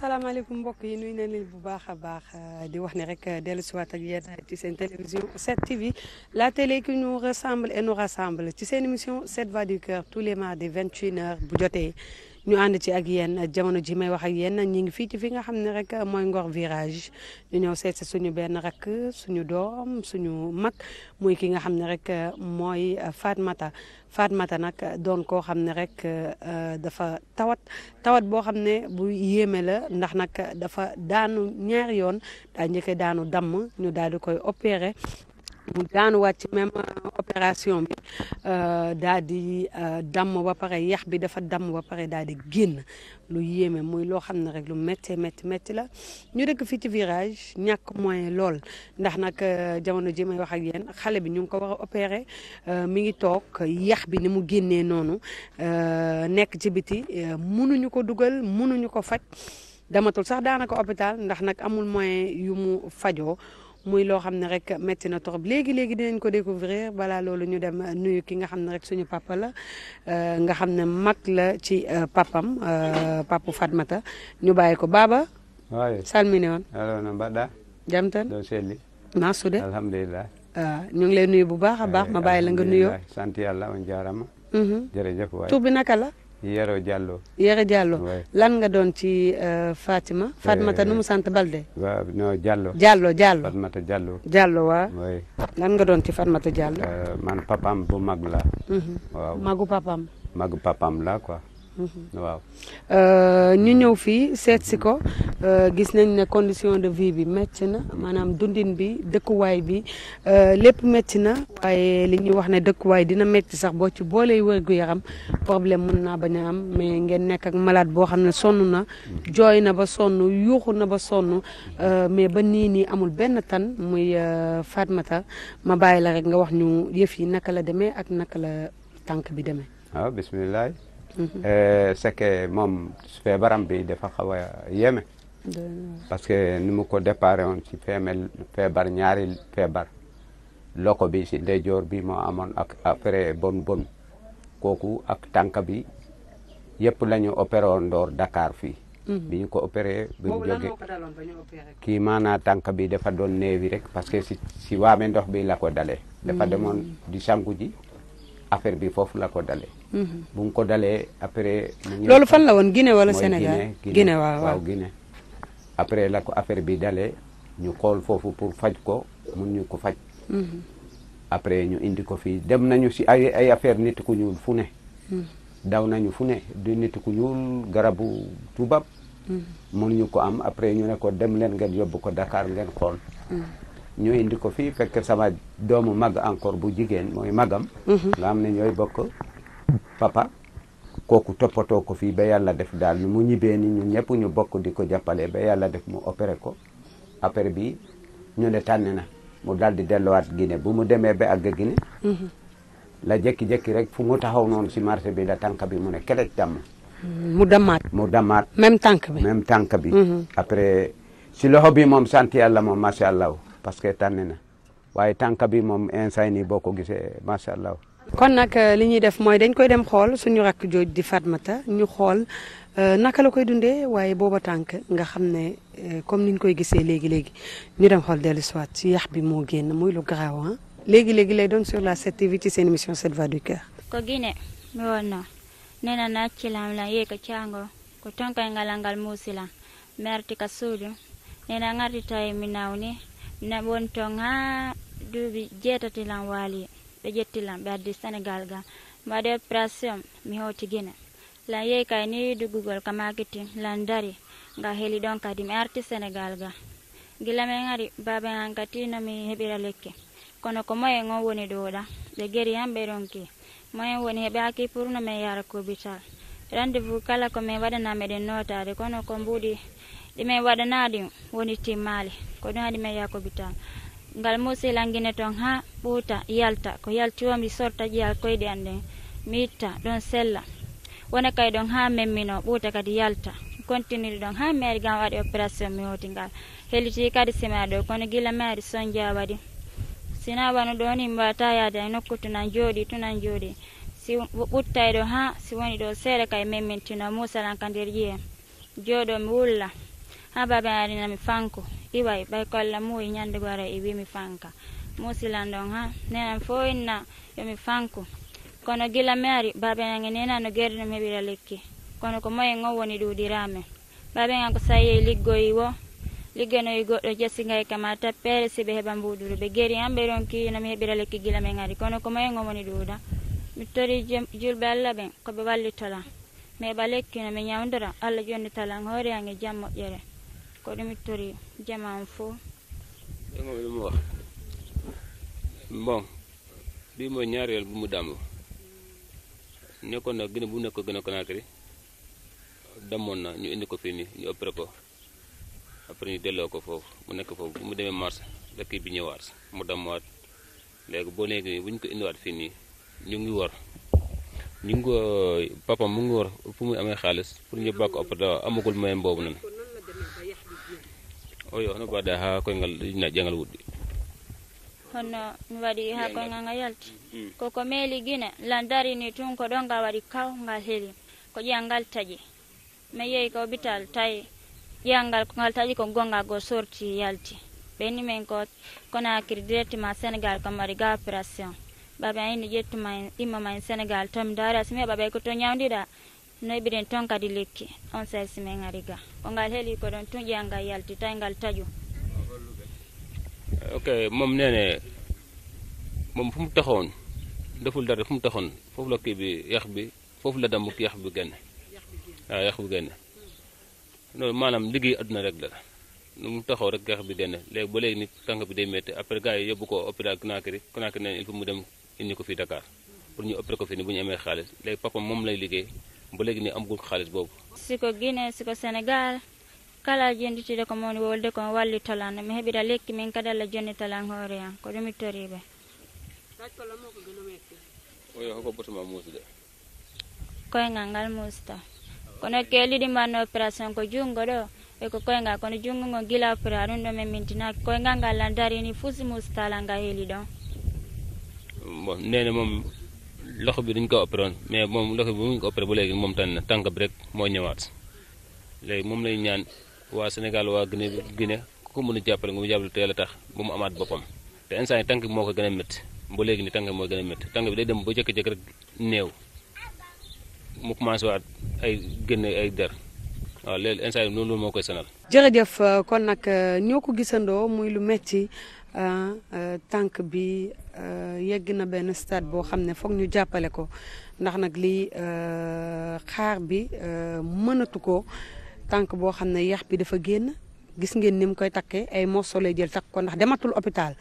salaamaaleykum mbokk yi nuyu nañ leen bu baax a baax euh, di wax ne rek euh, dellu siwaat ak yéen ci seen télévision 7 TV la télé qui nous ressemble et nous rassemble ci seen émission 7 voix du cœur tous les mardis 21h bu jotee. ñu ànd ci ak yéen jamono ji may wax ak yéen ñi ngi fii ci fi nga xam ne rek mooy Ngor virage ñu ñëw seet si suñu benn rakk suñu doom suñu mag muy ki nga xam ne rek mooy Fatmata Fatmata nag doon koo xam ne rek euh, dafa tawat tawat boo xam ne bu yéeme la ndax nag dafa daanu ñaari yoon daa njëkkee daanu damm ñu daal di koy opéré mu daanu waat ci même euh, opération bi euh, daal di euh, damm ba pare yax bi dafa damm ba pare daal di génn lu yéeme muy loo xam ne rek lu métti métti métti la ñu dëkk fii ci virage ñàkk moyen lool ndax nag jamono ji may wax ak yéen xale bi ñu ngi ko war a opéré mi ngi toog yax bi ni mu génnee noonu nekk ci biti mënuñu ko dugal mënuñu ko faj damatul sax daanaka hôpital ndax nag amul moyen yu mu fajoo muy loo xam ne rek métti na torop léegi léegi dinañ ko découvrir balaa loolu ñu dem euh, nuyu ki nga xam ne rek suñu papa la euh, nga xam ne mag la ci euh, papam papu Fatmata ñu bàyyi ko baaba salmine on alono mbaɗɗa jam tan ɗo selli ma suude alhamdulillah ñu ngi lay nuyu bu baax a baax ma bàyyi la nga nuyoo sant yàlla on jaarama mhm. jërëjëf waay tur la Yero Diallo. Yero Diallo lan nga doon ci euh, Fatima. Fatimata nu mu sant Balde. waaw non Diallo. Diallo Diallo Fatimata Diallo. lan nga doon ci Fatimata Diallo. Euh, man papaam bu mag la. Mhm. waaw magu papaam. la quoi. Mm-hmm. waaw. Euh, ñu ñëw fii seet si ko euh, gis nañ ne condition de vie bi métti na maanaam dundin bi dëkkuwaay bi euh, lépp métti na waaye li ñuy wax ne dëkkuwaay dina métti sax boo ci boolee wérgu yaram problème mun naa bañ a am mais ngeen nekk ak malaat boo xam ne sonn na jooy na ba sonn yuuxu na ba sonn mais ba nii nii amul benn tan muy Fatmata ma bàyyi la rekk nga wax ñu yëf yi naka la demee ak naka la tànk bi demee. Ah, Euh, c'est que moom feebaram bi dafa xaw a yéeme. parce que ni mu ko déparé woon ci feemel feebar ñaari feebar loko bi si ndeyjoor bi moo amoon ak après bon bon kooku ak tànk bi yëpp la ñu woon ndoor Dakar fii. Mhm. bi ñu ko opéré bi mu jógee kii maanaa tànk bi dafa doon néewi rek parce que si si waame ndox bi la ko dalee. dafa mhm. demoon di sangu ji. affaire bi foofu la ko dalee. Mhm. bu mu ko dalee après. loolu fan la woon Guinée wala Sénégal Guinée waaw waaw Guinée. après la ko affaire bi dalee ñu xool foofu pour faj ko mun ñu ko faj. Mhm. après ñu indi ko fii dem nañu si ay ay affaire nit ku ñuul fu ne. Mhm. daw nañu fu ne du nit ku ñuul garabu tubaab. mun ñu ko am après ñu ne ko dem leen ngeen yóbbu ko Dakar ngeen kool ñu indi ko fii fekk sama doomu mag encore bu jigéen mooy magam mhm. nga am ne ñooy bokk papa kooku toppatoo ko fii ba yàlla def daal mu ñibbee ni ñu ñëpp ñu bokk di ko jàppale ba yàlla def mu opéré ko après bi ñu ne tànn na mu daal di delluwaat Guinée bu mu demee ba àgg Guinée mhm. la jékki-jékki rek fu mu taxaw noonu si marché bi la tànk bi mu ne kelec damm mhm. mu damaat mu damaat même tànk bi même si loxo bi moom sant yàlla moom macha allah parce que tànn na waaye tànk bi moom instant nii boo ko gisee macha allah. kon nag euh, li ñuy def mooy dañ koy dem xool suñu rakk jooj di Fatmata ñu xool euh, naka la koy dundee waaye booba tànk nga xam ne euh, comme niñ koy gisee léegi léegi ñu dem xool dellu soit ci yax bi moo génn muy lu garaaw ah. léegi léegi lay doon sur la 7TV ci seen émission 7 voix du cœur. ko Guinée mi woon na na ci lam la yee ko caango ko tonkoy ngalangal muusi la merti ka suudu nee na ngati tay mi naaw ni ne woni toon ha duuɓi jeetatilan waali ɓe ƴettilan ɓe addi sénégal ga mi waɗi mi hewti guine lan yehi kay ni duggugol lan dari ga heeli ɗon kadi mi arti sénégal ga gila men ari baba en kati nomi heɓira lekki kono ko moyen on woni ɗoɗa ɓe geri han ɓe ɗon woni heɓaki pour no min yara ko hôpital kala ko min waɗana meɗen notade kono ko mbuɗi ɗumen waɗana ɗum woni timmali ko ɗum haɗi men yakobi tan ngal musilanguine toon ha ɓuuta yalta ko yaltiwomi sorta ƴiyal koyɗe an ɗen mi itta ɗon sella wona kay ɗon ha memmino ɓuuta kadi yalta continiri ɗon ha mi ari gam waɗi opération mi hoti ngal heliti kadi sima ɗo kono gila mi ari sondia waɗi sina wano ɗo ni mi wata yaade e nokku tunan jooɗi tunan jooɗi si ɓuttay ɗo ha si woni ɗo seeɗa kay memmin tina musalan ka nder ƴiye jooɗo mi wulla habaɓe arina mi fanko iway ɓay kolla muyi ñande gara e wi mi fanka musilan ɗon ha nenan fo inna yomi fanku kono gila mi ari baɓe nage nena no gerɗe ɗum heɓira lekki kono ko moyen on woni ɗuɗiramen baɓe ga ko saye liggoyi wo ligganoyi goɗɗo jassigay kama tappere siɓe heɓa mbuduru ɓe geri han ɓe ronki nomi heɓira lekki gila men kono ko moyen on woni ɗuuɗa mi tori julɓe allah ɓen koɓe wallitola mi heɓa lekki no mi ñawdora allah jonni e jam moƴƴere ko ɗumi tori jaman fo dama lu mu wax bon bii mooy ñaareel bu mu damm nekkoon na gën bu nekkoon gën a Conakry damoon na ñu indi ko fii nii ñu opéré ko après ñu delloo ko foofu mu nekk foofu mu demee mars la bi ñëwaat mu dammaat léegi boo léegi bu ñu ko indiwaat fii nii ñu ngi war ñu ngi ko papa mu ngi war fu muy amee xaalis pour ñu bàkk opéré amagul moyen boobu na oyo hono mbaɗa ha koyngal jangal wuɗɗi hono mi waɗi ha hmm. koyngal ngal yalti tun ko ɗon ngal waɗi kaw ngal heeli ko ƴiyal ngal taƴi mi yeehi ko hôpital tawi ƴiyal ngal ngal taƴi ko gonga go sorti yalti ɓenni min ko konakiri directement sénégal ko mbaɗi ga opération ɓaɓe ayni ƴettuma imma ma en sénégal tomi daarasi mi heɓa ɓay ko to ñawdiɗa noy biɗen toon kadi lekki on saysi men ari ga o ngal heeli ko ɗon tun ƴiya ngal yalti tawi ngal taƴu ok moom nene moom fu mu taxoon deful dara fu mu taxoon foofu la kii bi yax bi foofu la damm ki yax bi génn waaw yax bi génn loolu maanaam liggéey adduna rek la nu mu taxaw rek yax bi génn léegi ba léegi nit tànk bi day métti après gars yi yóbbu ko hôpital Conakry Conakry neen il faut mu dem indi ko fii Dakar pour ñu opéré ko fii ni bu ñu amee xaalis léegi moom lay liggéey ba léegi nii amagul xaalis boobu. si ko Guinée si ko Sénégal kala jenditude ko moni wolde kon wallitolanno mi heɓira lekki min kadi allah jonitalan hoore an ko ɗumi toriɓe oyo hoko ngal muusuta kono keeliɗi mbanno opération ko junngo ɗo e ko koyngal kono junngo ngo gila opéra ɗum ɗo min mintinaki koyngal ngal lan darini fuu si muusutala nga heeli ɗon bon moom loxo bi dañ ko opéré mais moom loxo bi bu ñu ko opéré ba léegi moom tànn tànk bi rek moo ñëwaat léegi moom lay ñaan waa Sénégal waa Guinée Guinée ku ko mën a jàppale nga mu jàppale te yàlla tax bu mu amaat boppam te instant yi tànk bi moo ko gën a métti ba léegi ni tànk bi moo gën a métti tànk bi day dem ba jëkk-jëkk rek néew mu commencé waat ay génne ay der waaw léegi instant yi loolu moo koy sanal jërëjëf kon nag euh, ñoo ko gisandoo muy lu metti Ah, euh, tànk bi euh, yegg na benn stade boo xam ne foog ñu jàppale ko ndax nag lii euh, xaar bi mënatu ko tànk boo xam ne yax bi dafa génn gis ngeen ni mu koy takkee ay morceaux lay jël takk ko ndax dematul hôpital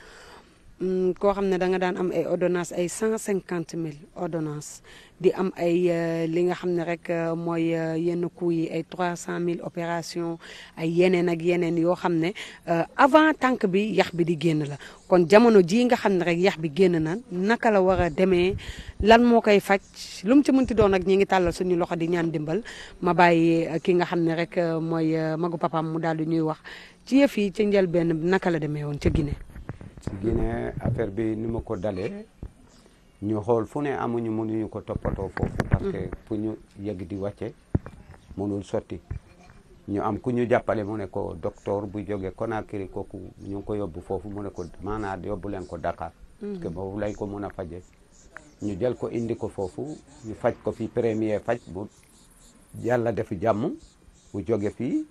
Mm, koo xam ne da nga daan am ay ordonnance ay cent cinquante mille ordonnance di am ay euh, li nga xam ne rek euh, mooy euh, yenn coût ay trois cent mille opération ay yeneen ak yeneen yoo xam ne avant tànk bi yax bi di génn la kon jamono jii nga xam ne rek yax bi génn na naka la war a demee lan moo koy faj lu mu ci mënti doon ak ñi ngi tàllal suñu loxo di ñaan dimbal ma bàyyi ki nga xam ne rek mooy magu papaam mu daal di ñuy wax ci yëf yi ca njëlbeen naka la demee woon ca Guinée. si Guinée bi ni ma ko dalee ñu xool fu ne amuñu mënuñu ko toppatoo foofu parce que ku mm. ñu yegg di wàcce mënul sotti ñu am ku ñu jàppale mu ne ko docteur bu jóge Conakry kooku ñu ngi ko yóbbu foofu mu ne ko maanaam yóbbu leen ko Dakar mm. parce que boobu lay ko mun a faje ñu jël ko indi ko foofu ñu faj ko fi premier faj bu yàlla def jàmm bu jóge fii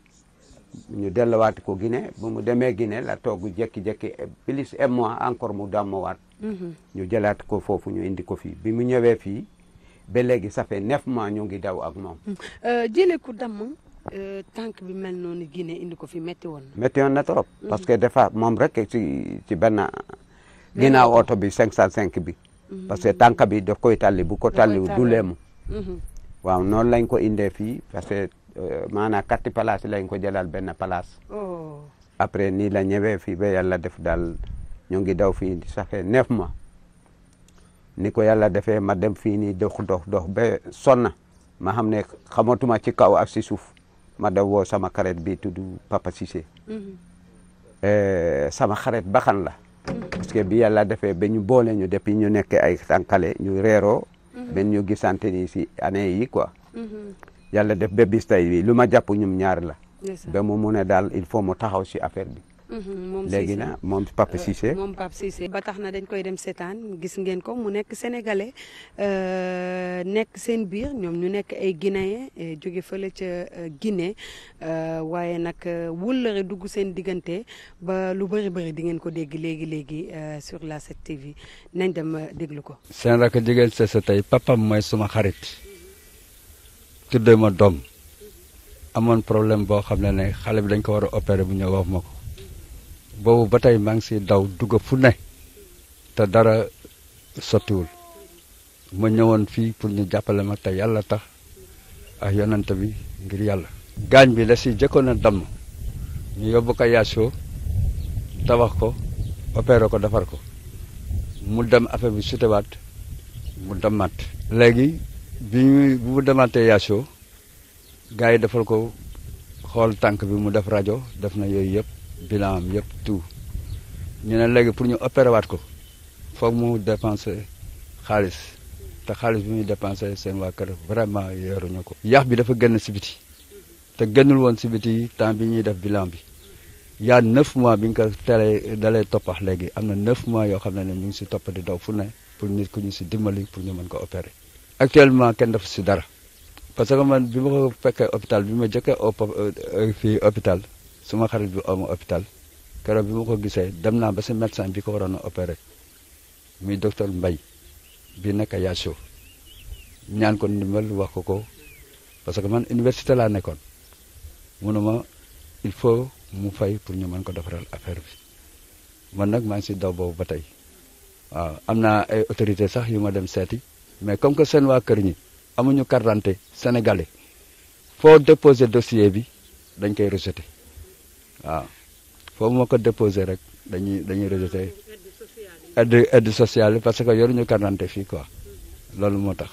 ñu delluwaat ko Guinée bu mu demee Guinée la toog jékki-jékki plus un mois encore mu waat mhm. ñu jëlaat ko foofu ñu indi ko fii bi mu ñëwee fii ba léegi ça fait neuf mois ñu ngi daw ak moom. Mhm. Euh, jëlee ku damm euh, tànk bi mel noonu Guinée indi ko fi métti woon na. métti woon na trop. Mhm. parce que dafa moom rek ci ci benn ginnaaw oto bi 505 bi. parce que tànk bi daf koy talli bu ko talliwul du leemu. waaw noonu lañ ko indee fii parce maanaam quatre place lañ ko jëlal benn place. Oh. après nii la ñëwee fii ba yàlla def daal ñu ngi daw fii ça fait neuf ma ni ko yàlla defee ma dem fii nii dox dox dox ba sonna ma xam ne xamatuma ci kaw ak si suuf ma daw woo sama xarit bi tudd Papa Cissé. Mm-hmm. Eh, sama xarit baxan la. Mm-hmm. parce bi yàlla defee ba ñu boole ñu depuis ñu nekk ay tànkale ñu reeroo mm-hmm. ba ñu gisante ni si année yi quoi. yàlla def ba bis tey bi lu ma jàpp ñum ñaar la ba mo mun a daal il faut mu taxaw si affaire bi mm-hmm, moom léegi na moom Pape Cissé moom Pape ba tax na dañ koy dem seetaan gis ngeen ko mu nekk senegale euh, nekk seen biir ñoom ñu nekk ay guinéen euh, jóge fële gine euh, Guinée waaye nag wëllëre dugg seen diggante ba lu bëri bëri di ngeen ko dégg léegi léegi sur la 7TV nañ dem déglu ko seen rakk jigéen sa sa tey suma xarit tuddee ma doom amoon problème boo xam ne ne xale bi dañ ko war a opérer bu ñëw wax ma ko boobu ba tey maa ngi si daw dugg fu ne te dara sottiwul ma ñëwoon fii pour ñu jàppale ma te yàlla tax ak yonante bi ngir yàlla gaañ bi la si jëkkoon a damm ñu yóbbu ko yaasoo tabax ko opéré ko defar ko mu dem affaire bi sutewaat mu demaat léegi bi ñuy bu demantee Yaasoo gars yi defal ko xool tànk bi mu def rajo def na yooyu yëpp bilan am yëpp tout ñu ne léegi pour ñu opéré waat ko foog mu dépensé xaalis te xaalis bi muy dépensé seen waa kër vraiment ñu ko. yax bi dafa génn si biti te génnul woon si biti temps bi ñuy def bilan bi. yaa neuf mois bi nga ko teelee dalee toppax léegi am na neuf mois yoo xam ne ñu ngi si topp di daw fu ne pour nit ku ñu si dimbali pour ñu mën ko opérer. actuellement kenn def si dara parce que man bi ma ko fekkee hôpital bi ma jëkkee euh, fii hopital suma xarit bi ooma hôpital keroog bi ma ko gisee dem naa ba si médecin bi ko waroon a opéré muy docteur Mbaye bi nekk Yasso ñaan ko ndimbal wax ko ko parce que man université laa nekkoon munuma il faut mu fay pour ñu mën ko defaral affaire bi man nag maa ngi si daw boobu ba tey waaw am naa ay autorité sax yu ma dem seeti mais comme que seen waa kër ñi amuñu carte d'identité sénégalais foo déposé dossier bi dañ koy rejeté ah foo moo ko déposé rek dañuy dañuy rejeté aide aide sociale parce que yoruñu carte d'identité fii quoi loolu moo tax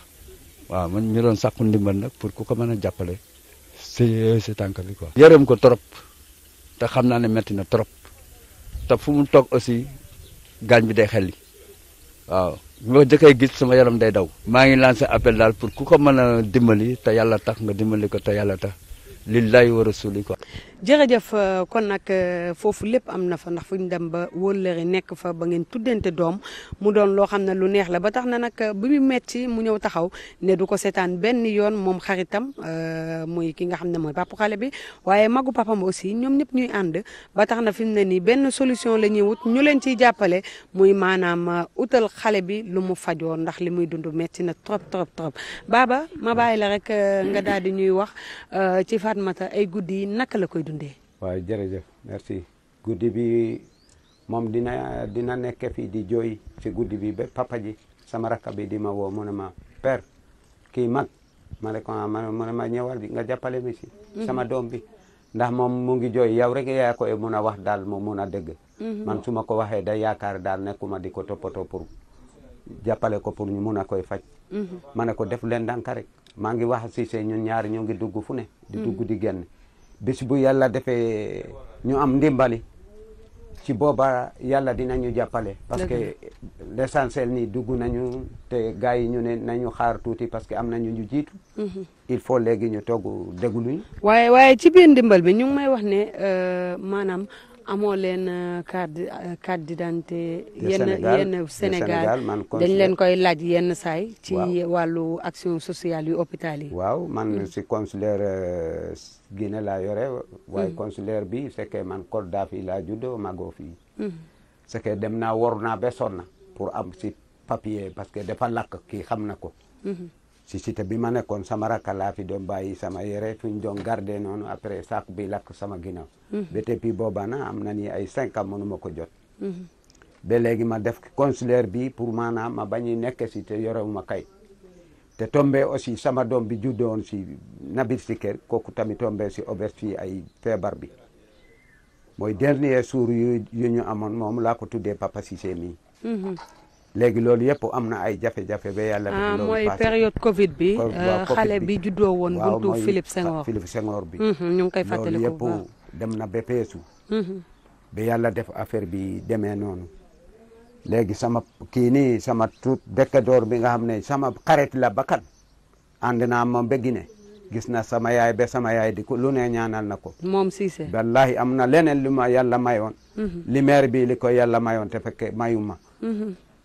waaw man ñu doon sàkku ndimbal nag pour ku ko mën a jàppale si si tànk bi quoi. yërëm ko trop te xam naa ne métti na trop te fu mu toog aussi gaañ bi day xel li waaw boo jëkkee gis suma yaram day daw maa ngi lancé appel daal pour ku ko mën a dimbali te yàlla tax nga dimbali ko te yàlla tax lillahi wa rasuli quoi jërëjëf euh, kon nag euh, foofu lépp am na fa ndax fu ñu dem ba wóllëre nekk fa ba ngeen tuddante doom mu doon loo xam ne lu neex la ba tax na nag bu mu metti mu ñëw taxaw ne du ko seetaan benn yoon moom xaritam euh, muy ki nga xam ne mooy papa xale bi waaye magu papam aussi ñoom ñëpp ñuy ànd ba tax na fi mu ne nii benn solution la ñuy wut ñu leen ciy jàppale muy maanaam utal xale bi lu mu fajoo ndax li muy dund metti na trop trop trop baba ma bàyyi la rek nga daal ñuy wax ci Fatmata ay guddi yi naka la koy dundee. waaw jërëjëf merci guddi bi moom dina dina nekk di joy si guddi bi ba papa ji sama rakka bi di ma woo mu ne ma père kii mag ma ne ko ah, mu ne ma ñëwal bi nga jàppale mi si. Mhm. sama doom bi ndax moom mu ngi jooy yow rek yaa koy mun a wax daal mu mun a dégg. Mhm. man su ma ko waxee da yaakaar daal nekkuma di ko toppatoo pour jàppale ko pour ñu mun a koy faj. Mhm. ma ne ko def leen ndànk rek maa ngi wax si ñun ñaar ñu ngi dugg fu ne. di dugg di génn. bés bu yàlla defe ñu am ndimbali ci booba yàlla dinañu jàppale parce que l'essentiel ni dugg nañu te gars yi ñu ne nañu xaar tuuti parce que am nañu ñu jiitu mhm. il faut léegi ñu togg dégluñu waaye waaye ci biir ndimbal bi ñu ngi may wax euh, amoo leen euh, carte euh, carte d'identité yenn yenn Sénégal dañ leen koy laaj yenn saay ci wàllu action social yu hôpital yi waaw man mm. si consulaire euh, Guinée laa yore waaye mm. consulaire bi c'est man Côte d'Ivoire laa juddoo magoo fii mm. c'est dem na war naa ba sonn pour am si papier parce que dafa lakk kii xam na ko mm-hmm. si cité bi ma nekkoon sama rakka laa fi doon bàyyi sama yére fu ñu doon garder noonu après saako bi lakk sama ginnaaw. Mhm. ba depuis booba na am na ni ay cinq ans mënu ko jot. Mhm. ba léegi ma def consulaire bi pour maanaam ma bañ a nekk si te ma kay. te tombé aussi sama doom bi doon si Nabir Siker kooku tamit tombé si auberge ay feebar bi mooy dernier jour yu ñu amoon moom laako ko tuddee papa Cissé mi. Mhm. léegi loolu yëpp am na ay jafe-jafe ba yàlla. def ah, loolu mooy période Covid bi. Euh, xale bi juddoo woon. waaw buntu Philippe Senghor Philippe Senghor bi. Mhm, ñu koy fàttaliku loolu dem na ba peesu. Mhm. ba yàlla def affaire bi demee noonu. léegi sama kii nii sama tuut bi nga xam ne sama xarit la bakkan ànd na moom ba Guinée gis na sama yaay ba sama yaay di ko lu ne ñaanal na ko. moom am na leneen lu ma yàlla mayoon. Mhm. limeer bi li ko yàlla mayoon te fekke mayu ma.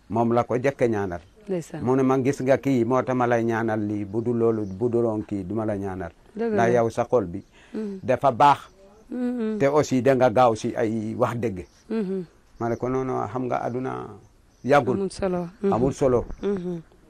moom la ko jëkk ñaanal mu ne ma gis nga kii moo tama ma lay ñaanal lii bu dul loolu bu duloon kii du ma la ñaanal la yow sa xol bi mm-hmm. dafa baax mm-hmm. te aussi da nga gaaw si ay wax dëgg mm-hmm. ma ne ko noonu xam nga aduna yàggul amul solo solo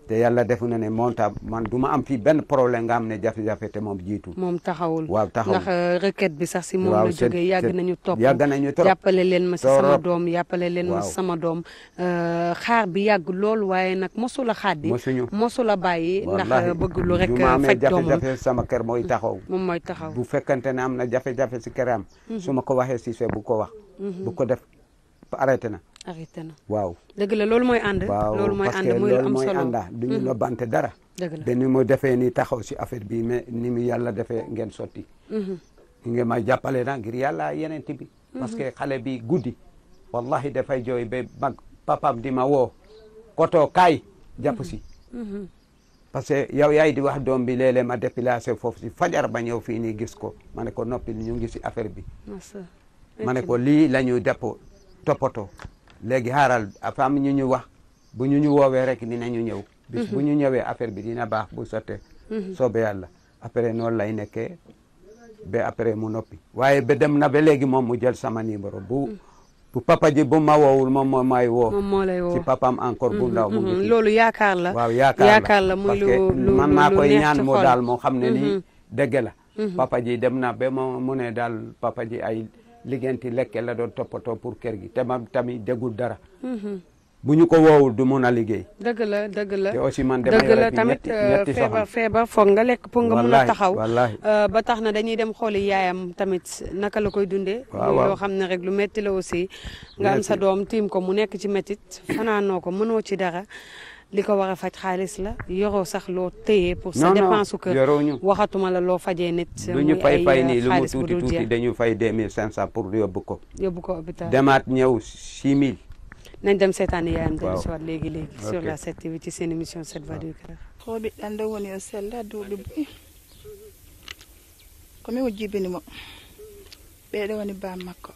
te yàlla defu na ne moonta man du ma am fii benn problème nga am ne jafe-jafe te moom jiitu. moom taxawul waaw taxawul ndax euh, requête bi sax si moom la jógee yàgg nañu topp yàgg nañu topp yàppale leen ma si doom yàppale leen ma sama doom euh, xaar bi yàgg loolu waaye nag mosula xaaddi mosuñu mosula bàyyi ndax euh, bëgg lu rek faj am jafe-jafe sama kër mooy taxaw mm, moom mooy taxaw bu fekkante ne am na jafe-jafe si këram mm-hmm. su ma ko waxee si fe bu ko wax mm-hmm. bu ko def arrêté na arrêté na lool dëgg la loolu mooy ànd waaw loolu mooy ànd mooy am solo du ñu mm-hmm. nobante dara ba ni mu ni taxaw si affaire bi mais ni mu yàlla defee ngeen sotti ñi mm-hmm. ma jàppale na ngir yàlla yeneen bi mm-hmm. parce que xale bi guddi wallahi dafay jooy ba mag papaam di ma wo koto kaay jàpp si parce que yow yaay di wax doom bi léeg-léeg ma déplacé foofu si fajar ba ñëw fii ni gis ko ma ne ko noppil ñu si affaire bi ma ko lii la ñuy depp toppatoo léegi xaaral fam ñu ñu wax bu ñu ñu woowee rek dinañu ñëw bis bu ñu ñëwee affaire bi dina baax bu sottee mhm. soobee yàlla après noonu lay nekke be après mu noppi waaye ba dem na ba léegi moom mu jël sama numéro bu mhm. bu papa ji bu ma woowul moom may woo ci papaam encore bu mhm, ndaw mu ngi loolu yaakaar la waaw yaakaar la parce que man maa koy moo xam ne nii dëgg la papa ji dem na mu ne daal papa ji ay liggéenti lekke la doon toppatoo pour kër gi te mam tamit déggul dara mhm. bu ñu ko woowul du mun a liggéey dëgg la dëgg la te man dama dëgg la tamit euh, feebar feebar foog nga lekk pour nga mun a taxaw euh, ba tax na dañuy dem xooli yaayam tamit naka la koy dundee loo xam ne rek lu métti la aussi nga am doom tiim ko mu nekk ci métit fanaanoo ko mënoo ci dara li ko war a faj xaalis la yoroo sax loo téye pour sa dépense que waxatuma la loo fajee nit lu ñu fay fay euh, nii lu mu tuuti tuuti dañu fay deux mille cinq cent pour yóbbu ko yóbbu ko hôpital demaat ñëw six mille nañ dem seetaani yaayam dañu si waat léegi léegi sur la 7 TV ci seen mission 7 voix du cœur ko ɓiɗɗande woni o sella duuɓi boyi komin o jibini mo ɓeeɗo woni bam makko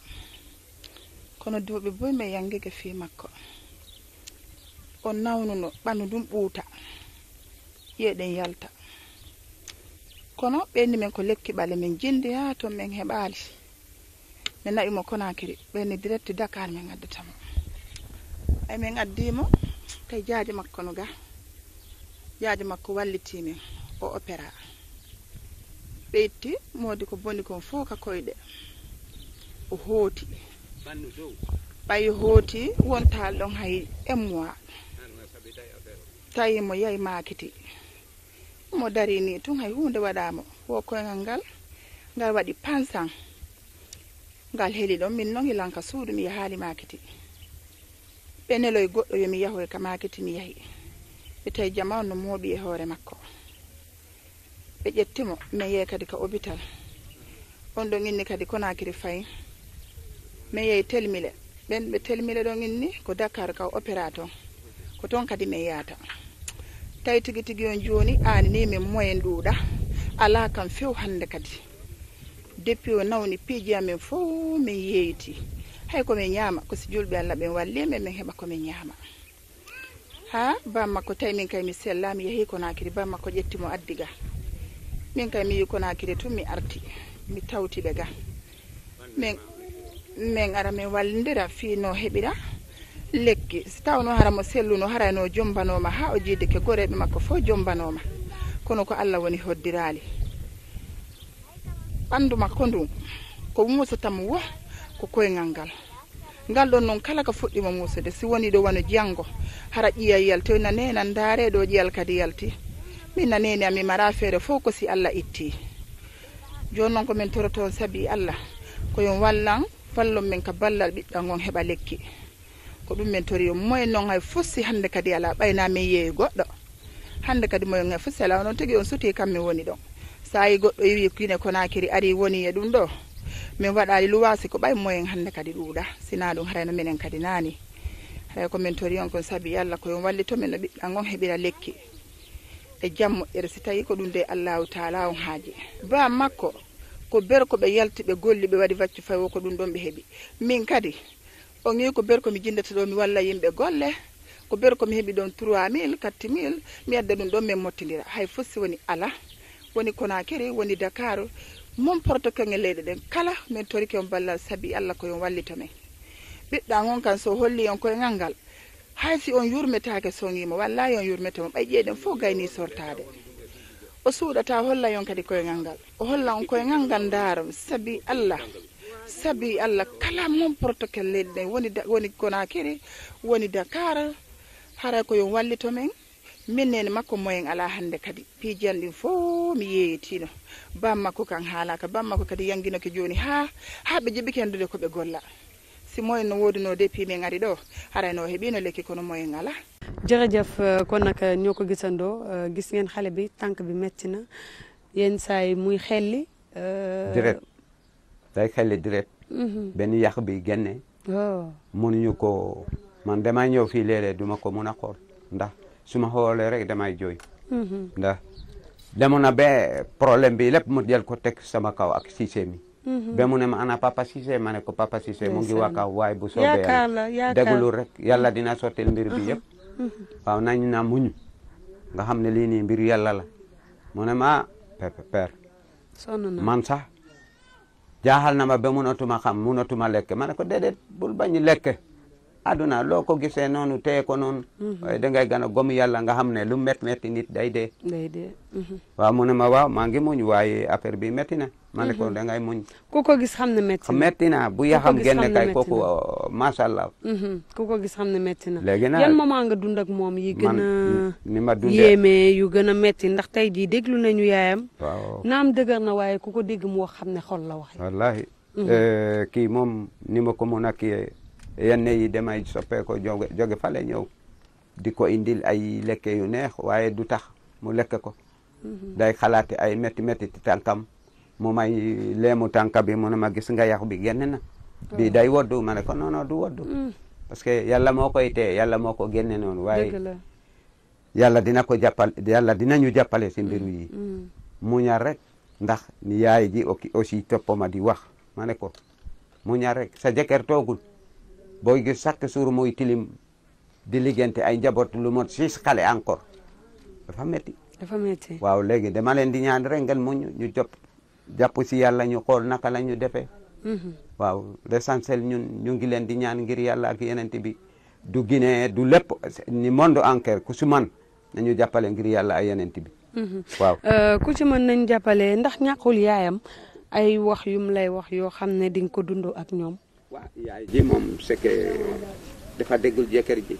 kono duuɓi boyi mi yanngike fii makko on nawnuno ɓandu ndum ɓuuta yiyeɗen yalta kono ɓenni men ko lekki ɓale min jindi ha ton min heɓali min naɓimo konakiri ɓenni direct dakar min addatamo ay min addimo tawi jaaje makko no ga jaaje makko wallitimin o opéra ɓe itti modi ko boni kon fof ka koyɗe o hooti ɓayi hooti wontal ɗon hay émois tayyimo yahi maakiti mo dari ni tun hay hunde waɗamo wo koyngal ngal ngal waɗi pansan ngal heli ɗon min noon hilanka suudu mi yahaali maakiti ɓe neloye goɗɗo yomi yahoy ka maakiti mi yahi ɓe tawi jamanu no mooɓi e hoore makko ɓe ƴettimo min yehi kadi ka hôpital on ko ton kadi min yahata tawi tigi tigi on joni an ni min moyen ɗuuɗa ala kam few hande kadi depuis o nawni piiji amin fof min yeeyti hay komin ñaama ko si julɓe allah ɓen wallima min heɓa komin ñaama ha bammakko tawi min kay mi sellami yeehi konakiri bammakko ƴettimo addi ga min kay mi ga min min min wallidira fi no heɓira lekki so tawno haramo selluno harayno jombanoma ha o jiidike goreɓe makko fof jombanoma kono ko allah woni hoddirali ɓandu makko ndun ko muusatamo wo ko koyngal ngal ngal ɗon noon kala ko fuɗɗimo muusude si woni ɗo wano jiyango hara ƴiya yalti nane nan daare ɗo ƴiyal kadi yalti min naneni ami mara feere fof ko si allah itti joni noon komin toroton saabi allah koyon wallan wallon min ka ballal ɓiɗɗal ngon heɓa lekki ko ɗum min tori moye noon hay fof si hannde kadi ala ɓaynamin yeeyi goɗɗo hannde kadi moyen hay fof si ala noon tigi on suti e kammin woni ɗon sa goɗɗo yewi kine konakiri ari woni e ɗum ɗo min waɗali luwasi ko ɓay moyen hannde kadi ɗuuɗa sina ɗum harayno minen kadi naani haray komin tori on kon saabi allah koyon wallitomin no ɓiɗɗan on heɓira lekki e jammoƴƴere si tawi ko ɗum de allahu taala on haaji ba makko ko bero ɓe yalti ɓe golli ɓe o wi ko berkomi jindata ɗo mi walla yimɓe golle ko berko mi heeɓi ɗon 3 mille 4 mille mi adda ɗum ɗon min mottidira hay fossi woni ala woni konakiri woni dakar mon porto kange leyɗe ɗen kala min torike on ballal saabi allah koyon wallita men ɓiɗɗa on kan so holli on koye ngal ngal hay si on yurmetake songima wallahi on yurmetamo ɓay ƴeeɗen fof gayni sortade o suuɗata holla on kadi koye ngal ngal o holla allah sabi allah kala mon protocole leydi ɗen woni woni konakiri woni dakar haray ko yo wallito men min nene makko moyen ala hannde kadi piijian ɗin fof mi yeeyetino bam makko kan haalaka bam makko kadi yanginoke joni ha ha ɓe joɓɓiki andude koɓe golla si moyen no woduno depuis min ari ɗo harayno heeɓino lekki kono moyen ala jërëjëf euh, kon nag ñoo ko gisandoo euh, gis ngeen xale bi tànk bi metti na yenn saa muy xelli euh, day xelli direct mhm. benn yàq bi génne oh. mënuñu ko man damay ñëw fii léeg duma ko mun a xool ndax su ma xoolee rek damay jooy mhm. ndax demoon na ba problème bi lépp mu jël ko teg sama kaw ak Cissé mi mhm. ba mu ne ma ana papa Cissé ma ne ko papa Cissé mu ngi waka waay bu soobee yaakaar rek yàlla dina sottil mbir bi yëpp waaw nañ na muñ nga xam ne lii nii mbir yàlla la mu ne ma père man sax jaaxal na ma ba munatuma xam munatuma lekk ma ne ko déedéet bul bañ lekk aduna loo ko gisee noonu téye ko noonu mhm. waaye dangay a gom yàlla nga xam ne lu met metti nit day dee day mhm. waaw mu ne ma waaw maa ngi muñ waaye affaire bi metti na ma ne ko mhm. dangay muñ. ku ko gis xam ne metti na métti bu yaxam génne kay kooku uh, macha allah. Mhm. ku ko gis xam ne métti na. léegi nag yan moment nga dund ak moom yi gën a. ni ma yu gën a métti ndax tey jii déglu nañu yaayam. waaw naam dëgër na waaye ku ko dégg mu wax xam ne xol la waxee. wallaahi. Mhm. Eh, kii moom ni ma ko mun a kii yenn yi demay soppeeku joge joge fale ñëw di ko indil ay lekke yu neex waaye du tax mu lekke ko. day xalaati ay métti métti tànkam. mu may leemu tànka bi mo na ma gis nga yax bi génn na ah. bii day woddu ma ne ko non du woddu mm. parce que yàlla moo koy tee yàlla moo ko génne noonu waaye yàlla dina ko jàppale yàlla dinañu jàppale si mbiru mm, yi mm. muñal rek ndax ni yaay ji aussi ma di wax ma ne ko muñal rek sa jëkkër toogul booy gis chaque jour muy tilim di liggéente ay njaboot lu mo six xale encore dafa métti dafa métti waaw léegi dama leen di ñaan rek ngeen muñ ñu jop jàpp si yàlla ñu xool naka la ñu defee mhm. waaw l'essentiel ñun ñu ngi leen di ñaan ngir yàlla ak yenente bi du Guinée du lépp ni monde entier ku si man nañu jàppale ngir yàlla a yenente bi mhm. waaw euh, ku si mën nañ jàppale ndax ñàkkul yaayam ay wax yum lay wax yoo xam ne di ko dund ak ñoom wa yaay ji moom c'est que dafa déggul jëkkër ji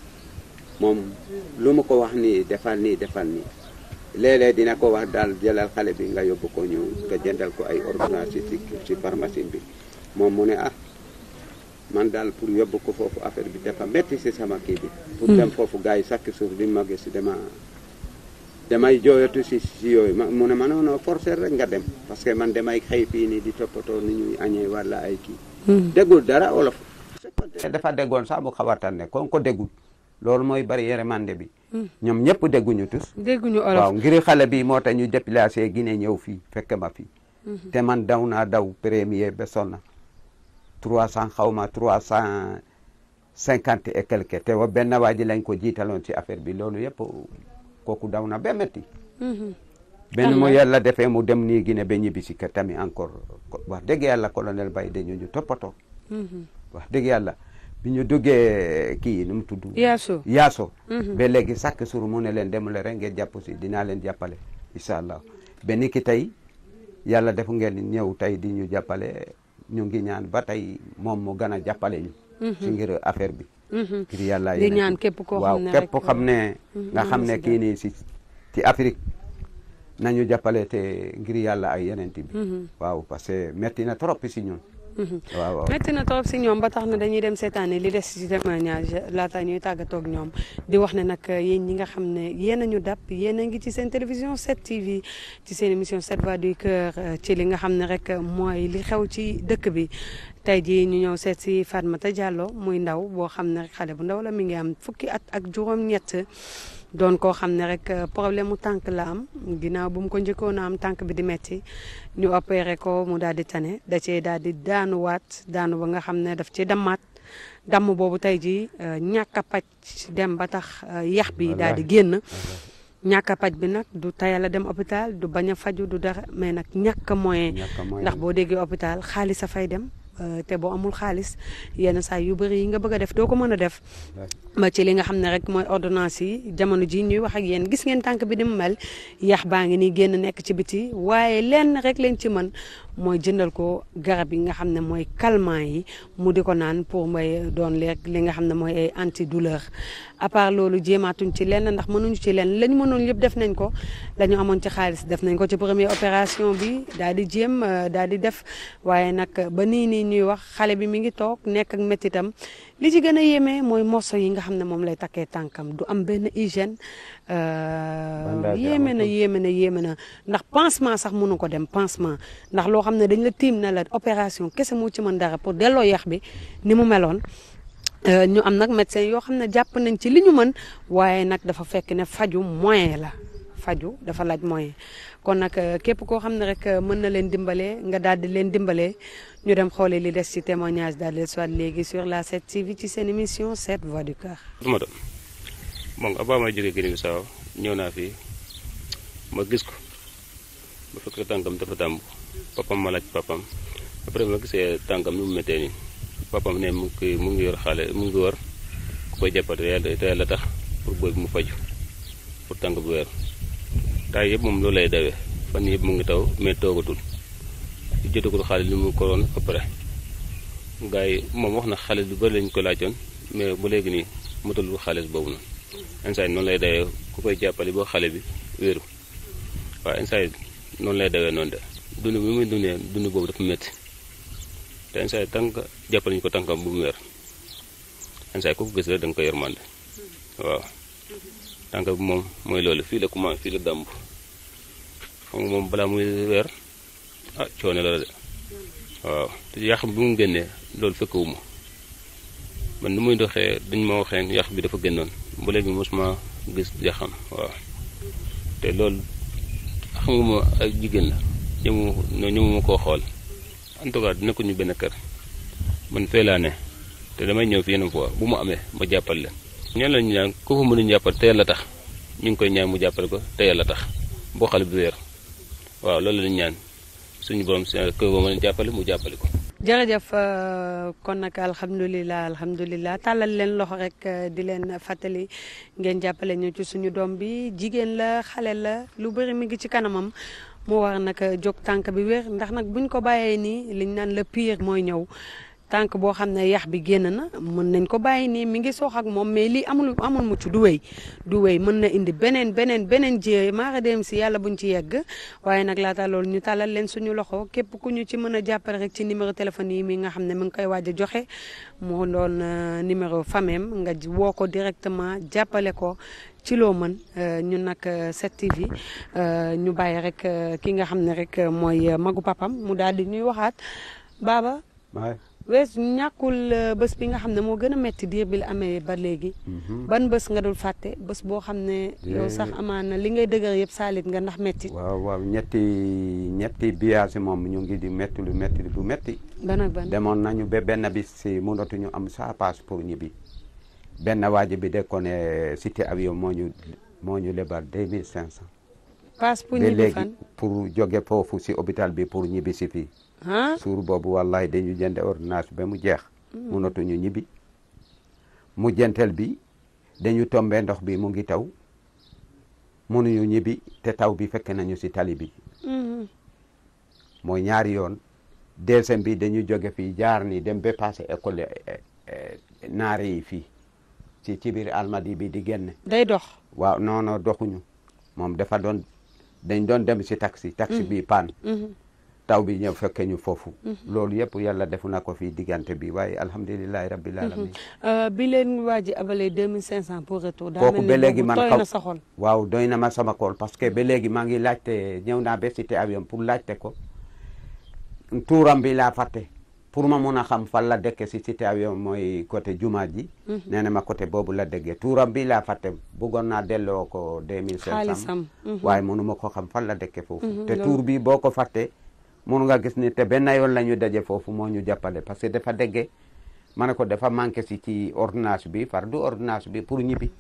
moom ko wax ni defal nii defal ni léeg dina ko wax daal jëlal xale bi nga yóbbu ko ñu nga jëndal ko ay ordonnance ci ci pharmacie bi moom mu ne ah man daal pour yóbbu ko foofu affaire bi dafa métti si sama kii bi. pour hmm. dem foofu gars yi sakki suuf di ma gis dama damay jooyatu si si ma mu ne ma non non forcer rek nga dem parce que man demay xëy fii nii di toppatoo ni ñuy añee walla ay kii. Hmm. déggul dara olof. dafa déggoon sax mu xawartan kon ko déggul. loolu mooy bari yërmande bi. Hmm. ñoom ñëpp dégguñu tus. dégguñu olof waaw xale bi moo tax ñu déplacé Guinée ñëw fii fekk ma fi hmm. te man daw naa daw premier ba sonna trois cent xaw ma trois cent cinquante et quelque te wa benn waa ji lañ ko jiitaloon ci affaire bi loolu yëpp kooku daw na ba métti. Hmm. benn mu yàlla defee mu dem nii Guinée ba ñibbi si kër tamit encore wax dëgg yàlla colonel Baye dañu ñu toppatoo. wax dëgg yàlla. bi ñu duggee kii nu mu tudd. yaaso yaaso. Mhm. ba léegi chaque jour mu ne leen demule rek ngeen jàpp si dinaa leen jàppale incha allah ba ni tey yàlla def ngeen ñëw tey di ñu jàppale ñu ngi ñaan ba tey moom mu gën a jàppale ñu. Mhm. si ngir affaire bi. Mhm. ngir yàlla di ñaan koo xam ne nga xam ne kii nii si ci nañu jàppale ngir yàlla ak yeneen bi. waaw parce que métti na trop si ñun. Mm-hmm. waaw waaw métti na trop si ñoom ba tax na dañuy dem seetaane li des si témoignage laata ñuy tàggatoog ñoom di wax na nag eh, yéen ñi nga xam ne yéen a ñu dab yéen a ngi ci seen télévision 7 TV ci seen émission 7 voix du cœur eh, ci li nga xam ne rek mooy li xew ci dëkk bi. tey jii ñu ñëw seet si Fatmata Diallo muy ndaw boo xam ne xale bu ndaw la mi ngi am fukki at ak juróom-ñett. doon koo xam ne rek euh, problème mu tànk la am ginnaaw bum ko njëkkoon am tànk bi di metti ñu opéré ko mu daal di tane da cee daal di daanuwaat daanu ba nga xam ne daf cee dammaat damm boobu tey jii euh, ñàkk paj dem ba tax euh, yax bi daal di génn ñàkk paj bi nag du tayal dem hôpital du bañ a faju du dara mais nag ñàkk moyen ndax boo déggee hôpital xaalis a fay dem Euh, te boo amul xaalis yenn saa yu bëri yi nga bëgg a def doo ko mën a def ma ci li nga xam ne rek mooy ordonnance yi jamono ji ñuy wax ak yéen gis ngeen tànk bi ni ma mel yax baa ngi ni génn nekk ci biti waaye lenn rek leen ci man mooy jëndal ko garab yi nga xam ne mooy calmant yi mu di ko naan pour may doon leeg li nga xam ne mooy ay antidouleur à part loolu jéemaatuñ ci lenn ndax mënuñu ci lenn lañ mënoon yëpp def nañ ko la ñu amoon ci xaalis def nañ ko ci première opération bi daal di jéem euh, daal di def waaye nag ba nii nii ñuy wax xale bi mi ngi toog nekk ak méttitam li ci gën a yéeme mooy morso yi nga xam ne moom lay takkee tànkam du am benn hygiène euh, yéeme na yéeme na yéeme na ndax pansement sax mënu ko dem pansement ndax loo xam ne dañ la tiim na la opération kese moo ci mën dara pour delloo yax bi ni mu meloon Euh, ñu am nag médecin yoo xam ne jàpp nañ ci li ñu mën waaye nag dafa fekk ne faju moyen la faju dafa laaj moyen kon nag euh, képp koo xam ne rek euh, mën na leen dimbalee nga daal di leen dimbale ñu dem xoole li des ci témoignage daal di soit léegi sur la 7 TV ci seen émission 7 voix du cœur. madame moom avant may jógee Guinée Bissau ñëw naa fi ma gis ko ma fekk tànkam dafa tàmb papam ma laaj papam après ma gisee tànkam nu mu méttee nii papam ne mu ngi mu ngi yor xale mu ngi war ku koy jàppate yàlla te yàlla tax pour booy mu faju pour tàng bu weer taay yëpp moom loolu lay dawee fan yëpp mu ngi taw mais toogatul jotagul xaalis li mu koroon ba pare yi moom wax na xaalis bu bëri lañ ko laajoon mais bu léegi nii matalul xaalis boobu noonu instant noonu lay dawee ku koy jàppale boo xale bi wéeru waaw instant noonu lay dawee noonu de dund bi muy dundee boobu dafa metti te ansaay tànk jàppal ñu ko tànkam bu mu wér ansaay ko gis la da bi moom mooy loolu fii la commencé fii la dàmb xam nga moom balaa muy weer ah coono la de waaw te bi mu génnee loolu fekkewuma man ni may doxee dañ ma waxee yàq bi dafa génnoon ba léegi mosuma gis yàqam waaw te loolu xam nga ma ay jigéen la ñëmu ñëmu koo xool en na ko ñu benn kër man fee laa ne te damay ñëw fi yeneen fois bu mu amee ma jàppal leen. ñaan la ñu ñaan ku fa mënuñ jàppal te yàlla tax ñu ngi koy ñaan mu jàppale ko te yàlla tax boo xale bu weer waaw loolu la ñaan suñu borom si kër ba mën a jàppale mu jàppale ko. jërëjëf euh, kon nag alhamdulilah alhamdulilah tàllal leen loxo rek euh, di leen fàttali ngeen jàppale ñu ci suñu doom bi jigéen la xale la lu bëri mi ngi ci kanamam. moo war nag eh, jog tànk bi weer ndax nag buñ ko bàyyee nii liñ naan le pire mooy ñëw tànk boo xam ne yax bi génn na mën nañ ko bàyyi nii mi ngi soox ak moom mais lii amul amul mucc du wéy du wéy mën na indi beneen beneen beneen jiyee maara dem si yàlla buñ ci yegg waaye nag laata loolu ñu talal leen suñu loxo képp ku ñu ci mën a jàppale rek ci numéro téléphone yi mi nga xam ne mi ngi koy waaj a joxe moo doon eh, numéro famem nga woo ko directement jàppale ko ci loo mën euh, ñun nag 7TV euh, euh, ñu bàyyi rek ki nga xam ne rek mooy magu papam mu daal di ñuy waxaat baaba wees ñàkkul bës bi nga xam ne moo gën a metti diir bi la amee ba léegi mhm. ban bés nga dul fàtte bés boo xam ne yow sax amaana li ngay dëgër yëpp saalit nga ndax metti waaw waaw ñetti ñetti biyaasi moom ñu ngi di metti lu metti bu metti ban ak ban demoon nañu ba benn bis si mënatuñu am saa paas pour ñibbi benn waaji bi dekkoon eh, cité avion moo ñu ñu lebal deux mille cinq cent. passe pour ñibbi fan léegi si hôpital bi pour ñibbi si fii. suur boobu wallahi dañu jënd ordonnance ba mu jeex. Hmm. mënatuñu ñibbi. mu jëntel bi dañu tombe ndox bi mu ngi taw mënuñu ñibbi te taw bi fekk nañu si tali bi. Hmm. mooy ñaar yoon. deuxième bi dañu jóge fii jaar ni dem ba passé école eh, eh, naari yi fii. ci ci biir almadi bi di génne. day dox. waaw non non doxuñu moom dafa doon dañ doon dem si taxi. taxi mm. bi paan. Mm-hmm. taw bi ñëw fekke ñu foofu. Mm-hmm. loolu yëpp yàlla defu na ko fii diggante bi waaye alhamdulilah la mm-hmm. alamin. Euh, bi leen waa ji abalee 2500 pour retour. daa mel léegi man kaw sa xol waaw doy na ma sama kool parce que ba léegi maa ngi laajte ñëw naa ba cité avion pour laajte ko tuuram bi laa pour ma mun a xam fan la dëkk si cité avion mooy côté juma ji. Mhm. nee na ma côté boobu la déggee tuuram bi laa fatte bëggoon naa delloo ko deux mille cinq cent mhm. waaye mënu ma ko xam fan la dëkk foofu. Mhm, te tuur bi boo ko fàtte mun nga gis ni te benn yoon la ñu daje foofu moo ñu jàppale parce que dafa déggee ma ne ko dafa manqué si ci ordinance bi far du ordonnance bi pour ñibbi.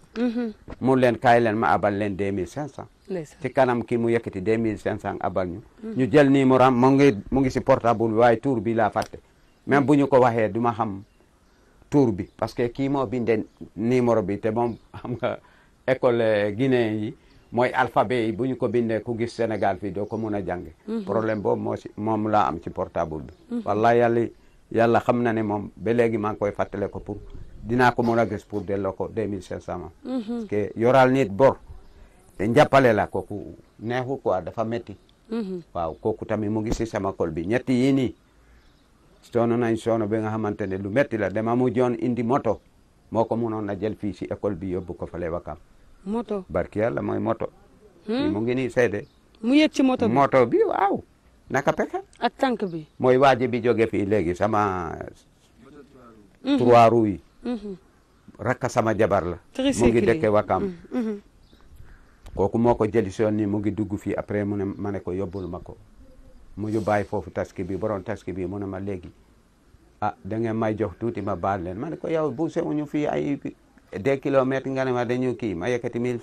mu leen kaay leen ma abal leen deux mille cinq cent. ci kanam kii mu yëkkati deux mille cinq cent abal ñu. ñu jël ni am mu ngi mu portable bi waaye même bu ñu ko waxee du ma xam tur bi parce que kii moo bindee numéro bi te moom xam nga école guinéen yi mooy alphabet yi bu ñu ko bindee ku gis Sénégal fii doo ko mun a jànge mhm. problème boobu moo si moom laa am ci portable bi mhm. wallaahi yàlla yàlla xam na ne moom ba léegi maa ngi koy fàttale ko pour dinaa ko mun a gis pour delloo ko deux mille cinq cent mhm. parce yoral nit bor te njàppale la kooku neexu quoi dafa métti waaw kooku tamit mu ngi si sama kol bi ñetti yi nii coono nañ soono bi nga xamante ne lu metti la dama mu joon indi moto moo ko mënoon a jël fii si école bi yóbbu ko falee Wakam. moto barki yàlla mooy moto. Hmm? mu ngi nii seede. mu yëg ci moto bi moto bi waaw. naka pexe. ak tànk bi. mooy waaji bi jóge fii léegi sama. Hmm. trois roues yi. Hmm. sama jabar la. mu ngi dëkke Wakam. kooku moo ko jëli soon nii mu ngi dugg fii après mu ne ma ne ko yóbbul ma ko. mu ñu bàyyi foofu taski bi borom taski bi mu ne ma léegi a ah, da ngeen may jox tuuti ma baal leen ma ne ko yow bu ñu fii ay de kilomètres nga ne ma dañu kii ma yëkkati mille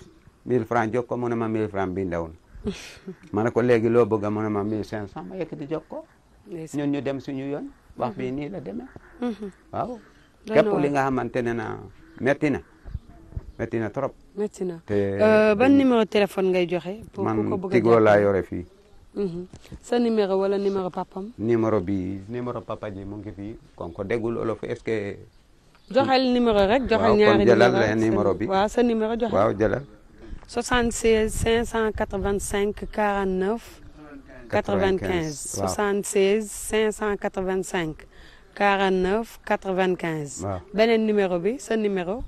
mille franc jox ko mu ma mille franc bi ndaw na ma ne ko léegi loo bëgg mu ne ma mille cinq cent ma yëkkati jox ko ñun ñu dem suñu yoon wax bi mm-hmm. nii la demee mm-hmm. waaw képp li nga xamante ne na métti na métti na trop métti na te euh, ban numéro téléphone ngay joxe pour ku ko laa yore fii Mhm. sa numéro wala numéro papam numéro bi numéro papa ji mu ngi fi kon ko déggul olof est joxel numéro rek joxel ñaari numéro bi waaw sa numéro joxel waaw jëlal. 76 585 49. 95 95 76 585 49 95. waaw beneen numéro bi sa numéro.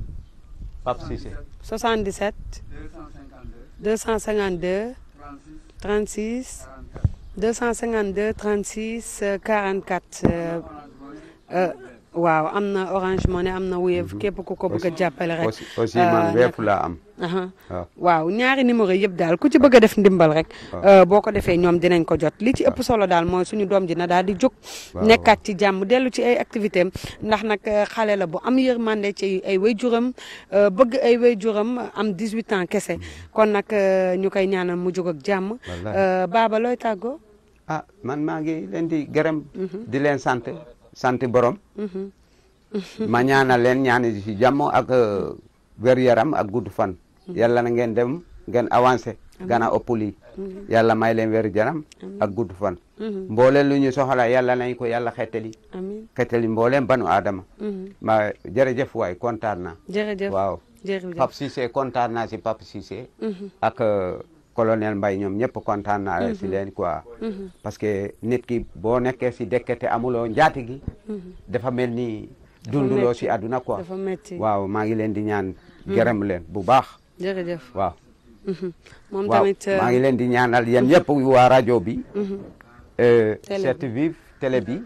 Pape Cissé. 77. 252. 252. 36 cent 252 36 44 waaw am na Orange Money am na Wave mhm. képp ku ko ko a jàppale rek. aussi man euh, Wave laa am. waaw waaw ñaari numéro yëpp daal ku ci bëgg def ndimbal rek euh, boo ko defee ñoom dinañ ko jot li ci ëpp solo daal mooy suñu doom ji na daal di jóg nekkaat ci jàmm dellu ci ay activité am ndax nag euh, xale la bo am mande ci ay waajuram euh, bëgg ay waajuram am 18 ans kese hmm. kon nag ñu koy ñaanal mu jóg ak jàmm baaba looy tàggoo ah man maa ngi leen di gërëm mhm. di leen sant sant borom mhm. ma ñaanal leen ñaani ci jàmm ak wér yaram ak gudd fan yàlla na ngeen dem ngeen avancé gana ëpp lii yàlla may leen wér jaram ak gudd fan mbooleen lu ñu soxla yàlla nañ ko yàlla xettali xettali mbooleen banu aadama ma jërëjëf waay kontaan naa jërëjëf waaw Pape kontaan naa si Pape Cissé mhm. ak euh, colonel mbay ñoom ñëpp kontaan naa si mhm. leen quoi mhm. parce que nit ki boo nekkee si dëkk te amuloo njaati gi dafa mel ni dunduloo si aduna quoi waaw maa ngi leen di ñaan gërëm leen bu baax jërëjëf waaw. Mhm. moom tamit waaw euh, maa ngi leen di ñaanal yéen yëpp waa rajo bi. Mhm. Euh, télé bi 7TV télé bi.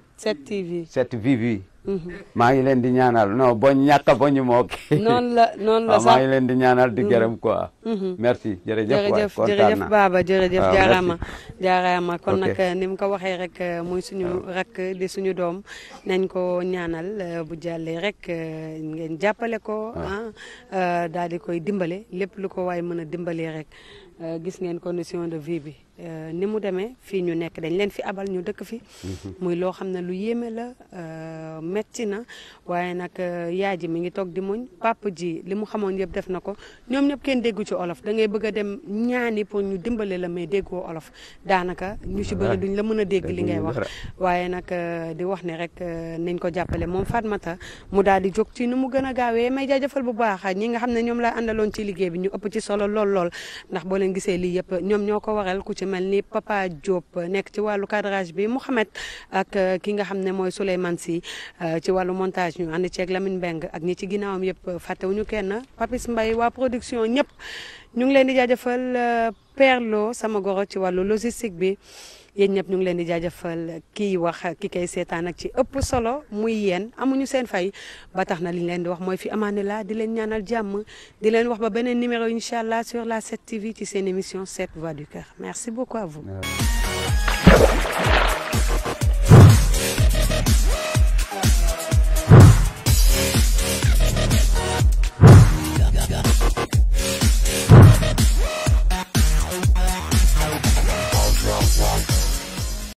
7 tv Mm-hmm. maa ngi leen di ñaanal noo boñ ñàkk boñ moo kii. la noonu la sax maa ngi leen di ñaanal di mm-hmm. gërëm quoi. Mm-hmm. merci jërëjëf waay kontaan naa jërëjëf Baba jaaraama kon nag ni mu ko waxee rek euh, muy suñu rakk di suñu doom nañ ko ñaanal euh, bu jàllee rek euh, ngeen jàppale ko. Ah, daal di koy dimbale lépp lu ko waaye mën a dimbalee rek gis ngeen condition de vie bi. Euh, ni mu demee fii ñu nekk dañ leen fi abal ñu dëkk fi mhm. muy loo xam ne lu yéeme la euh, metti na waaye nag euh, yaay ji mi ngi toog di mooñ papa ji li mu xamoon yëpp def na ko ñoom ñëpp kenn déggu ci olof da ngay bëgg dem ñaani pour ñu dimbale la mais déggoo olof daanaka ñu ci bëri ah, duñ la mën a dégg li ngay wax waaye nag di wax ni rek nañ ko jàppale moom ma ta mu daal di jóg ci ni mu gën a gaawee may jaajëfal bu baax a ñi nga xam ne ñoom laa àndaloon ci liggéey bi ñu ëpp ci solo lool lool ndax boo leen gisee lii yëpp ñoom ñoo ci mel ni Papa Diop nekk ci wàllu cadrage bi Mouhamed ak euh, ki nga xam ne mooy Souleymane Sy euh, ci wàllu montage ñu ànd ceeg Lamine Mbeng ak ñi ci ginnaawam yëpp fàttewuñu kenn Papis mbay waa production ñëpp ñu ngi leen di jaajëfal euh, Perlo sama goro ci wàllu logistique bi. yéen ñëpp ñu ngi leen di jaajëfal ki wax ki koy seetaan ak ci ëpp solo mu yéen amuñu seen fay ba tax na li leen di wax mooy fi amaane la di leen ñaanal jàmm di leen wax ba beneen numéro incha allah sur la 7 TV ci seen émission 7 voix du cœur merci beaucoup à